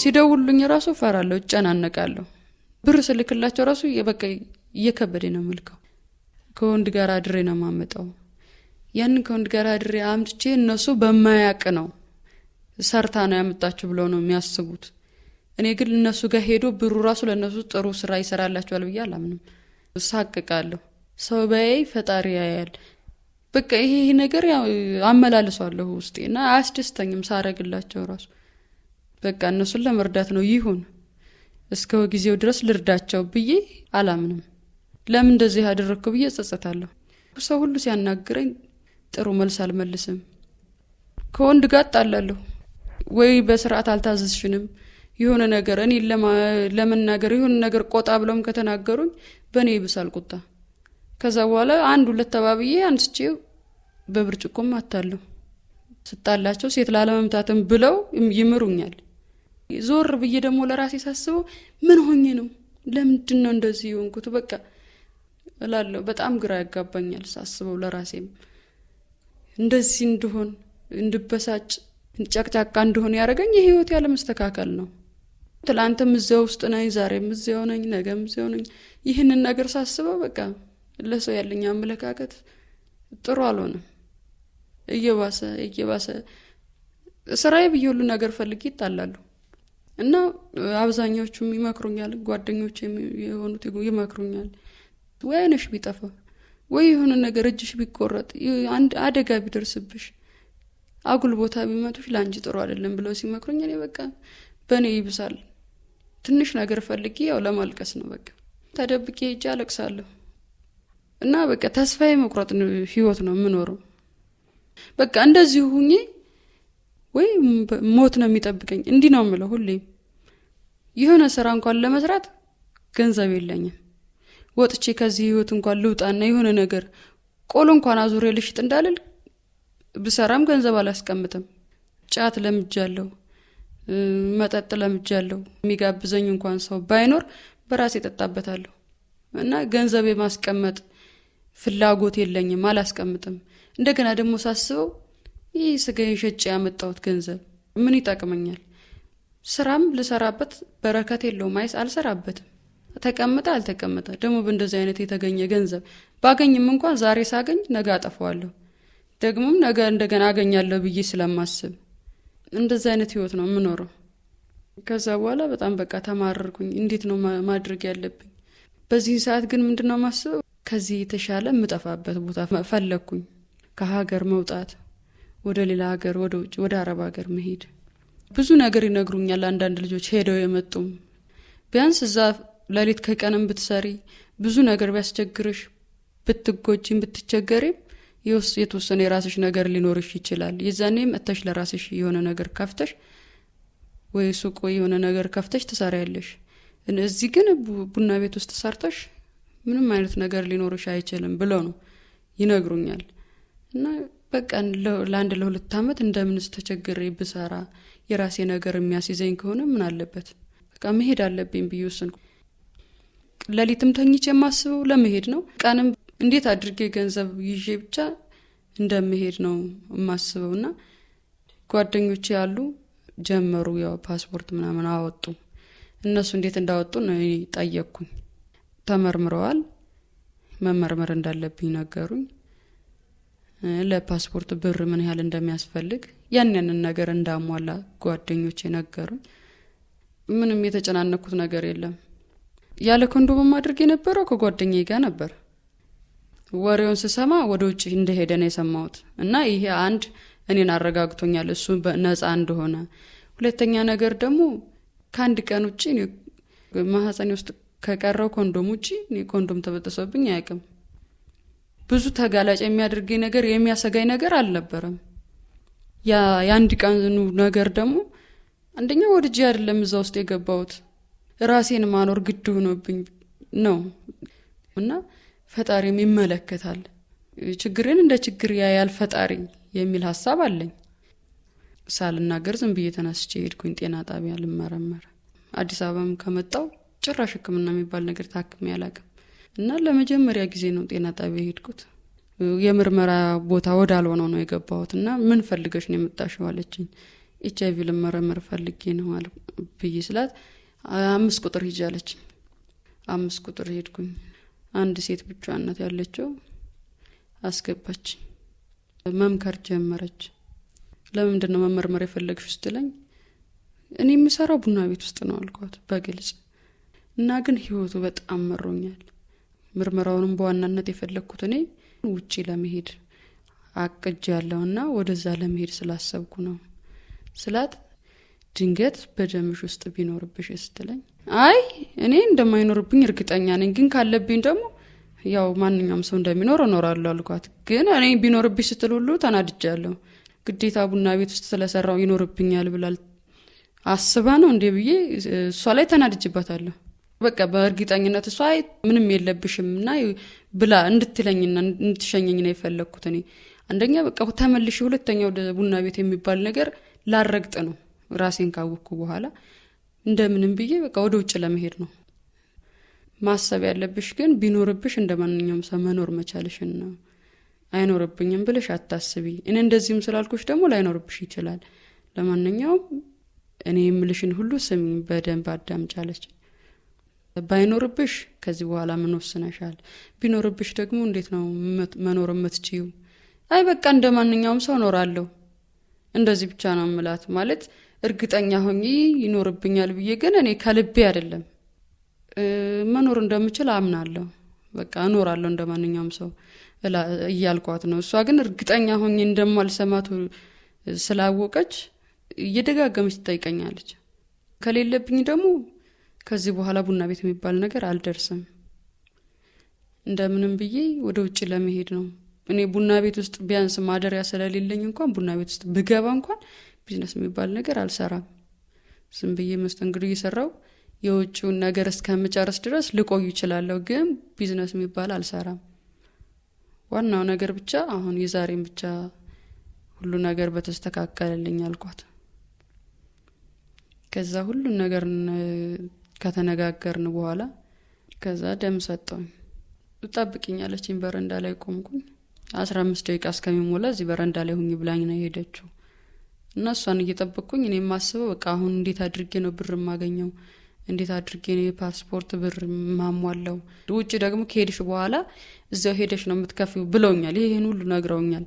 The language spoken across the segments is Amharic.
ሲደውሉኝ ራሱ እፈራለሁ፣ እጨናነቃለሁ። ብር ስልክላቸው ራሱ በቃ እየከበደ ነው ምልከው። ከወንድ ጋር አድሬ ነው ማመጣው። ያንን ከወንድ ጋር አድሬ አምጥቼ እነሱ በማያቅ ነው ሰርታ ነው ያመጣችሁ ብለው ነው የሚያስቡት። እኔ ግን እነሱ ጋር ሄዶ ብሩ ራሱ ለእነሱ ጥሩ ስራ ይሰራላቸዋል ብዬ አላምንም። እሳቅቃለሁ። ሰው በያይ ፈጣሪ ያያል። በቃ ይሄ ነገር አመላልሰዋለሁ ውስጤ እና አያስደስተኝም ሳረግላቸው ራሱ በቃ እነሱን ለመርዳት ነው ይሁን እስከ ጊዜው ድረስ ልርዳቸው ብዬ አላምንም። ለምን እንደዚህ ያደረግኩ ብዬ ጸጸታለሁ ሰው ሁሉ ሲያናግረኝ ጥሩ መልስ አልመልስም። ከወንድ ጋር ጣላለሁ ወይ በስርዓት አልታዘዝሽንም የሆነ ነገር እኔ ለመናገር የሆነ ነገር ቆጣ ብለውም ከተናገሩኝ በእኔ ይብሳል ቁጣ። ከዛ በኋላ አንድ ሁለት ተባብዬ አንስቼ በብርጭቆም አታለሁ። ስጣላቸው ሴት ላለመምታትም ብለው ይምሩኛል። ዞር ብዬ ደግሞ ለራሴ ሳስበው ምን ሆኜ ነው ለምንድን ነው እንደዚህ የሆንኩት በቃ እላለሁ። በጣም ግራ ያጋባኛል ሳስበው ለራሴም እንደዚህ እንድሆን እንድበሳጭ ጨቅጫቃ እንደሆነ ያደረገኝ የህይወት ያለመስተካከል ነው። ትላንትም እዚያ ውስጥ ነኝ፣ ዛሬም እዚያው ነኝ፣ ነገም እዚያው ነኝ። ይህንን ነገር ሳስበው በቃ ለሰው ያለኝ አመለካከት ጥሩ አልሆነም። እየባሰ እየባሰ ስራዬ ብዬ ሁሉ ነገር ፈልጌ ይጣላሉ። እና አብዛኛዎቹ ይመክሩኛል፣ ጓደኞች የሆኑት ይመክሩኛል። ወይ አይነሽ ቢጠፋ ወይ የሆነ ነገር እጅሽ ቢቆረጥ አንድ አደጋ ቢደርስብሽ አጉል ቦታ ቢመቱሽ ለአንቺ ጥሩ አይደለም ብለው ሲመክሩኝ እኔ በቃ በእኔ ይብሳል። ትንሽ ነገር ፈልጌ ያው ለማልቀስ ነው በቃ ተደብቄ ሄጄ አለቅሳለሁ። እና በቃ ተስፋዬ መቁረጥ ህይወት ነው የምኖረው። በቃ እንደዚሁ ሁኜ ወይ ሞት ነው የሚጠብቀኝ። እንዲህ ነው የምለው ሁሌም። የሆነ ስራ እንኳን ለመስራት ገንዘብ የለኝም። ወጥቼ ከዚህ ህይወት እንኳን ልውጣና የሆነ ነገር ቆሎ እንኳን አዙሬ ልሽጥ እንዳልል ብሰራም ገንዘብ አላስቀምጥም። ጫት ለምጃለሁ፣ መጠጥ ለምጃለሁ። የሚጋብዘኝ እንኳን ሰው ባይኖር በራሴ ጠጣበታለሁ እና ገንዘብ የማስቀመጥ ፍላጎት የለኝም፣ አላስቀምጥም። እንደገና ደግሞ ሳስበው ይህ ስጋ ሸጬ ያመጣሁት ገንዘብ ምን ይጠቅመኛል? ስራም ልሰራበት በረከት የለውም። አይስ አልሰራበትም። ተቀምጠ አልተቀምጠ ደግሞ በእንደዚህ አይነት የተገኘ ገንዘብ ባገኝም እንኳን ዛሬ ሳገኝ ነገ አጠፋዋለሁ። ደግሞም ነገ እንደገና አገኛለሁ ብዬ ስለማስብ እንደዚህ አይነት ህይወት ነው የምኖረው። ከዛ በኋላ በጣም በቃ ተማረርኩኝ። እንዴት ነው ማድረግ ያለብኝ? በዚህ ሰዓት ግን ምንድነው ማስበው? ከዚህ የተሻለ የምጠፋበት ቦታ ፈለግኩኝ። ከሀገር መውጣት ወደ ሌላ ሀገር ወደ ውጭ ወደ አረብ ሀገር መሄድ ብዙ ነገር ይነግሩኛል። አንዳንድ ልጆች ሄደው የመጡም ቢያንስ እዛ ለሌት ከቀንም ብትሰሪ ብዙ ነገር ቢያስቸግርሽ ብትጎጂም ብትቸገሪም የተወሰነ የራስሽ ነገር ሊኖርሽ ይችላል። የዛኔ መጥተሽ ለራስሽ የሆነ ነገር ከፍተሽ ወይ ሱቅ ወይ የሆነ ነገር ከፍተሽ ትሰሪያለሽ። እዚህ ግን ቡና ቤት ውስጥ ሰርተሽ ምንም አይነት ነገር ሊኖርሽ አይችልም ብለው ነው ይነግሩኛል እና በቃ ለአንድ ለሁለት ዓመት እንደምንስ ተቸግሬ ብሰራ የራሴ ነገር የሚያስይዘኝ ከሆነ ምን አለበት፣ በቃ መሄድ አለብኝ ብዬ ወሰንኩ። ተኝቼ የማስበው ለመሄድ ነው። ቀንም እንዴት አድርጌ ገንዘብ ይዤ ብቻ እንደመሄድ ነው የማስበው። እና ጓደኞቼ ያሉ ጀመሩ፣ ያው ፓስፖርት ምናምን አወጡ። እነሱ እንዴት እንዳወጡ ነው ጠየቅኩኝ። ተመርምረዋል፣ መመርመር እንዳለብኝ ነገሩኝ። ለፓስፖርት ብር ምን ያህል እንደሚያስፈልግ ያን ያንን ነገር እንዳሟላ ጓደኞች የነገሩኝ። ምንም የተጨናነኩት ነገር የለም። ያለ ኮንዶም ማድረግ የነበረው ከጓደኛ ጋር ነበር። ወሬውን ስሰማ ወደ ውጭ እንደሄደ ነው የሰማሁት እና ይሄ አንድ እኔን አረጋግቶኛል፣ እሱ ነጻ እንደሆነ። ሁለተኛ ነገር ደግሞ ከአንድ ቀን ውጭ ማህፀኔ ውስጥ ከቀረው ኮንዶም ውጭ ኮንዶም ተበጠሰብኝ አያቅም ብዙ ተጋላጭ የሚያደርገኝ ነገር የሚያሰጋኝ ነገር አልነበረም። ያ የአንድ ቀኑ ነገር ደግሞ አንደኛ ወድጄ አይደለም እዛ ውስጥ የገባሁት ራሴን ማኖር ግድ ሆኖብኝ ነው እና ፈጣሪም ይመለከታል ችግሬን እንደ ችግር ያያል ፈጣሪ የሚል ሀሳብ አለኝ። ሳልናገር ዝም ብዬ ተነስቼ ሄድኩኝ ጤና ጣቢያ ልመረመር። አዲስ አበባም ከመጣው ጭራሽ ህክምና የሚባል ነገር ታክሜ ያላቅም እና ለመጀመሪያ ጊዜ ነው ጤና ጣቢያ የሄድኩት። የምርመራ ቦታ ወዳልሆነው ነው የገባሁት እና ምን ፈልገሽ ነው የመጣሽው አለችኝ። ኤች አይቪ ልመረመር ፈልጌ ነው ብዬ ስላት አምስት ቁጥር ሂጅ አለችኝ። አምስት ቁጥር ሄድኩኝ። አንድ ሴት ብቻነት ያለችው። አስገባች። መምከር ጀመረች። ለምንድን ነው መመርመር የፈለግሽ ስትለኝ እኔ የምሰራው ቡና ቤት ውስጥ ነው አልኳት በግልጽ እና ግን ህይወቱ በጣም መሮኛል ምርመራውንም በዋናነት የፈለግኩት እኔ ውጪ ለመሄድ አቅጅ ያለውና ወደዛ ለመሄድ ስላሰብኩ ነው ስላት ድንገት በደምሽ ውስጥ ቢኖርብሽ ስትለኝ አይ እኔ እንደማይኖርብኝ እርግጠኛ ነኝ፣ ግን ካለብኝ ደግሞ ያው ማንኛውም ሰው እንደሚኖር እኖራለሁ አልኳት። ግን እኔ ቢኖርብሽ ስትል ሁሉ ተናድጃለሁ። ግዴታ ቡና ቤት ውስጥ ስለሰራው ይኖርብኛል ብላል አስባ ነው እንዴ ብዬ እሷ ላይ ተናድጅባታለሁ። በቃ በእርግጠኝነት እሷ ምንም የለብሽም እና ብላ እንድትለኝና እንድትሸኘኝ ነው የፈለግኩት። እኔ አንደኛ በቃ ተመልሽ ሁለተኛ ወደ ቡና ቤት የሚባል ነገር ላረግጥ ነው ራሴን ካወቅኩ በኋላ እንደምንም ብዬ በቃ ወደ ውጭ ለመሄድ ነው ማሰብ ያለብሽ። ግን ቢኖርብሽ እንደ ማንኛውም ሰው መኖር መቻልሽን ነው። አይኖርብኝም ብለሽ አታስቢ። እኔ እንደዚህም ስላልኩሽ ደግሞ ላይኖርብሽ ይችላል። ለማንኛውም እኔ የምልሽን ሁሉ ስሚ፣ በደንብ አዳምጫለች። ባይኖርብሽ ከዚህ በኋላ ምን ወስነሻል? ቢኖርብሽ ደግሞ እንዴት ነው መኖር የምትችዩ? አይ በቃ እንደ ማንኛውም ሰው እኖራለሁ። እንደዚህ ብቻ ነው ምላት ማለት እርግጠኛ ሆኜ ይኖርብኛል ብዬ ግን እኔ ከልቤ አይደለም መኖር እንደምችል አምናለሁ። በቃ እኖራለሁ እንደ ማንኛውም ሰው እያልኳት ነው። እሷ ግን እርግጠኛ ሆኜ እንደማልሰማት ስላወቀች እየደጋገመች ትጠይቀኛለች። ከሌለብኝ ደግሞ ከዚህ በኋላ ቡና ቤት የሚባል ነገር አልደርስም። እንደምንም ብዬ ወደ ውጭ ለመሄድ ነው። እኔ ቡና ቤት ውስጥ ቢያንስ ማደሪያ ስለሌለኝ እንኳን ቡና ቤት ውስጥ ብገባ እንኳን ቢዝነስ የሚባል ነገር አልሰራም። ዝም ብዬ መስተንግዶ እየሰራው የውጭውን ነገር እስከምጨርስ ድረስ ልቆዩ ይችላለሁ፣ ግን ቢዝነስ የሚባል አልሰራም። ዋናው ነገር ብቻ አሁን የዛሬን ብቻ ሁሉ ነገር በተስተካከለልኝ አልኳት። ከዛ ሁሉን ነገር ከተነጋገርን በኋላ ከዛ ደም ሰጠውኝ። ትጠብቅኛለችኝ። በረንዳ ላይ ቆምኩኝ። አስራ አምስት ደቂቃ እስከሚሞላ እዚህ በረንዳ ላይ ሁኝ ብላኝ ነው የሄደችው እና እሷን እየጠበቅኩኝ እኔ የማስበው በቃ አሁን እንዴት አድርጌ ነው ብር የማገኘው? እንዴት አድርጌ ነው የፓስፖርት ብር ማሟለው? ውጭ ደግሞ ከሄድሽ በኋላ እዚያው ሄደሽ ነው የምትከፍሉ ብለውኛል። ይህን ሁሉ ነግረውኛል።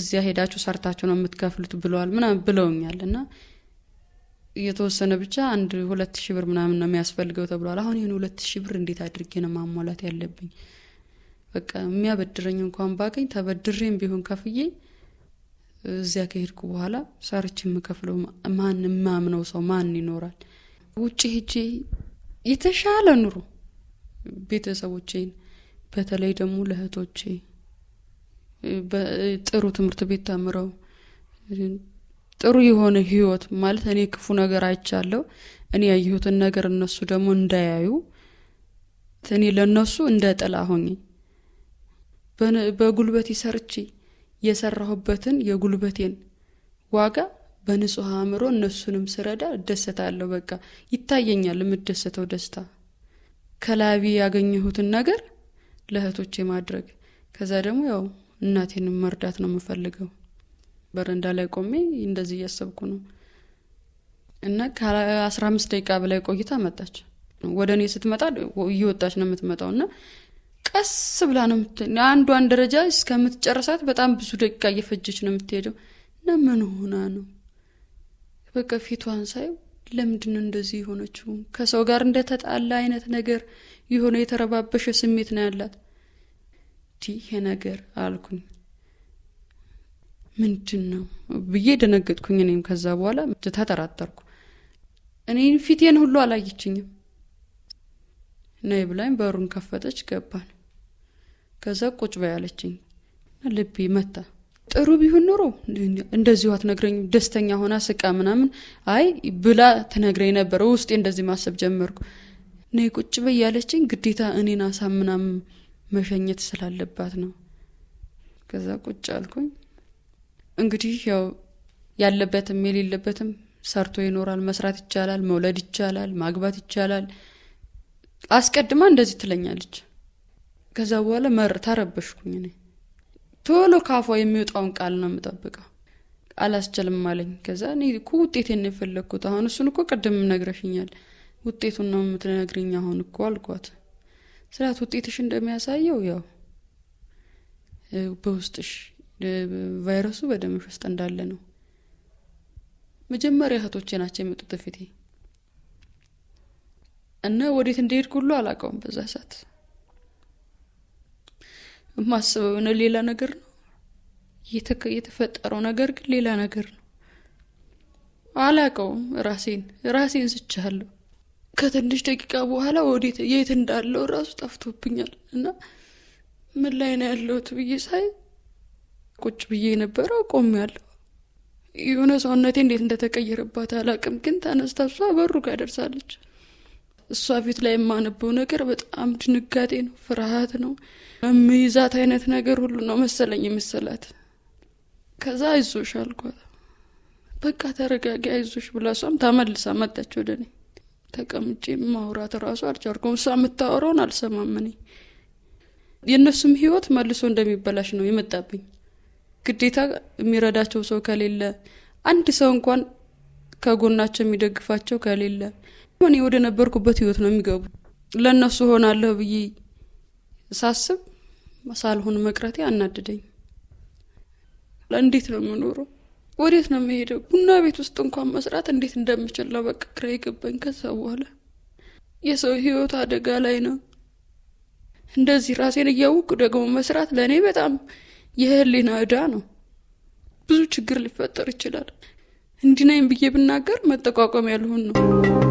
እዚያ ሄዳችሁ ሰርታችሁ ነው የምትከፍሉት ብለዋል ምናምን ብለውኛል እና የተወሰነ ብቻ አንድ ሁለት ሺህ ብር ምናምን ነው የሚያስፈልገው ተብሏል። አሁን ይህን ሁለት ሺህ ብር እንዴት አድርጌ ነው ማሟላት ያለብኝ? በቃ የሚያበድረኝ እንኳን ባገኝ ተበድሬም ቢሆን ከፍዬ እዚያ ከሄድኩ በኋላ ሰርች የምከፍለው ማን የማምነው ሰው ማን ይኖራል? ውጭ ሄጄ የተሻለ ኑሮ ቤተሰቦቼን በተለይ ደግሞ ለእህቶቼ ጥሩ ትምህርት ቤት ተምረው ጥሩ የሆነ ህይወት ማለት እኔ ክፉ ነገር አይቻለሁ፣ እኔ ያየሁትን ነገር እነሱ ደግሞ እንዳያዩ እኔ ለእነሱ እንደ ጥላ ሆኝ በጉልበት ይሰርቺ የሰራሁበትን የጉልበቴን ዋጋ በንጹህ አእምሮ እነሱንም ስረዳ እደሰታለሁ። በቃ ይታየኛል የምደሰተው ደስታ ከላቢ ያገኘሁትን ነገር ለእህቶቼ ማድረግ ከዛ ደግሞ ያው እናቴንም መርዳት ነው የምፈልገው። በረንዳ ላይ ቆሜ እንደዚህ እያሰብኩ ነው እና ከአስራ አምስት ደቂቃ በላይ ቆይታ መጣች። ወደ እኔ ስትመጣ እየወጣች ነው የምትመጣው እና ቀስ ብላ ነው አንዷን ደረጃ እስከምትጨርሳት በጣም ብዙ ደቂቃ እየፈጀች ነው የምትሄደው እና ምን ሆና ነው በቃ ፊቷን ሳይ ለምንድን ነው እንደዚህ የሆነችው? ከሰው ጋር እንደተጣላ አይነት ነገር የሆነ የተረባበሸ ስሜት ነው ያላት። ይሄ ነገር አልኩኝ። ምንድን ነው ብዬ ደነገጥኩኝ። እኔም ከዛ በኋላ ተጠራጠርኩ። እኔ ፊቴን ሁሉ አላየችኝም። ነይ ብላኝ በሩን ከፈተች፣ ገባን። ከዛ ቁጭ በይ አለችኝ። ልቤ መታ። ጥሩ ቢሆን ኖሮ እንደዚሁ አትነግረኝ። ደስተኛ ሆና ስቃ ምናምን አይ ብላ ትነግረኝ ነበረ። ውስጤ እንደዚህ ማሰብ ጀመርኩ። ነይ ቁጭ በይ ያለችኝ ግዴታ እኔን ምናምን መሸኘት ስላለባት ነው። ከዛ ቁጭ አልኩኝ። እንግዲህ ያው ያለበትም የሌለበትም ሰርቶ ይኖራል። መስራት ይቻላል፣ መውለድ ይቻላል፣ ማግባት ይቻላል። አስቀድማ እንደዚህ ትለኛለች። ከዛ በኋላ መር ተረበሽኩኝ። እኔ ቶሎ ካፏ የሚወጣውን ቃል ነው የምጠብቀው። አላስችልም አለኝ። ከዛ እኔ እኮ ውጤቴን ነው የፈለግኩት። አሁን እሱን እኮ ቅድም ነግረሽኛል፣ ውጤቱን ነው የምትነግርኝ አሁን እኮ አልኳት። ስላት ውጤትሽ እንደሚያሳየው ያው በውስጥሽ ቫይረሱ በደምሽ ውስጥ እንዳለ ነው። መጀመሪያ እህቶቼ ናቸው የመጡት ፊቴ እና ወዴት እንደሄድ ሁሉ አላውቀውም። በዛ ሰት የማስበው የሆነ ሌላ ነገር ነው የተፈጠረው ነገር ግን ሌላ ነገር ነው። አላቀውም ራሴን ራሴን ስቻለሁ። ከትንሽ ደቂቃ በኋላ ወዴት የት እንዳለው እራሱ ጠፍቶብኛል እና ምን ላይ ነው ያለሁት ብዬ ሳይ ቁጭ ብዬ የነበረ ቆም ያለው የሆነ ሰውነቴ እንዴት እንደተቀየረባት አላቅም፣ ግን ተነስታ እሷ በሩ ጋ ደርሳለች። እሷ ፊት ላይ የማነበው ነገር በጣም ድንጋጤ ነው፣ ፍርሃት ነው፣ መምይዛት አይነት ነገር ሁሉ ነው መሰለኝ የመሰላት። ከዛ አይዞሽ አልኳት። በቃ ተረጋጊ አይዞሽ ብላ እሷም ታመልሳ መጣች ወደ እኔ። ተቀምጬ ማውራት ራሱ አልቻልኩም። እሷ የምታወራውን አልሰማም። የእነሱም ህይወት መልሶ እንደሚበላሽ ነው የመጣብኝ። ግዴታ የሚረዳቸው ሰው ከሌለ፣ አንድ ሰው እንኳን ከጎናቸው የሚደግፋቸው ከሌለ እኔ ወደ ነበርኩበት ህይወት ነው የሚገቡ። ለእነሱ ሆናለሁ ብዬ ሳስብ ሳልሆን መቅረቴ አናድደኝ። እንዴት ነው የምኖረው? ወዴት ነው የምሄደው? ቡና ቤት ውስጥ እንኳን መስራት እንዴት እንደምችል ነው በቃ ግራ የገባኝ። ከዛ በኋላ የሰው ህይወት አደጋ ላይ ነው። እንደዚህ ራሴን እያወቅኩ ደግሞ መስራት ለእኔ በጣም የህሊና እዳ ነው። ብዙ ችግር ሊፈጠር ይችላል። እንዲናይም ብዬ ብናገር መጠቋቋም ያልሆን ነው።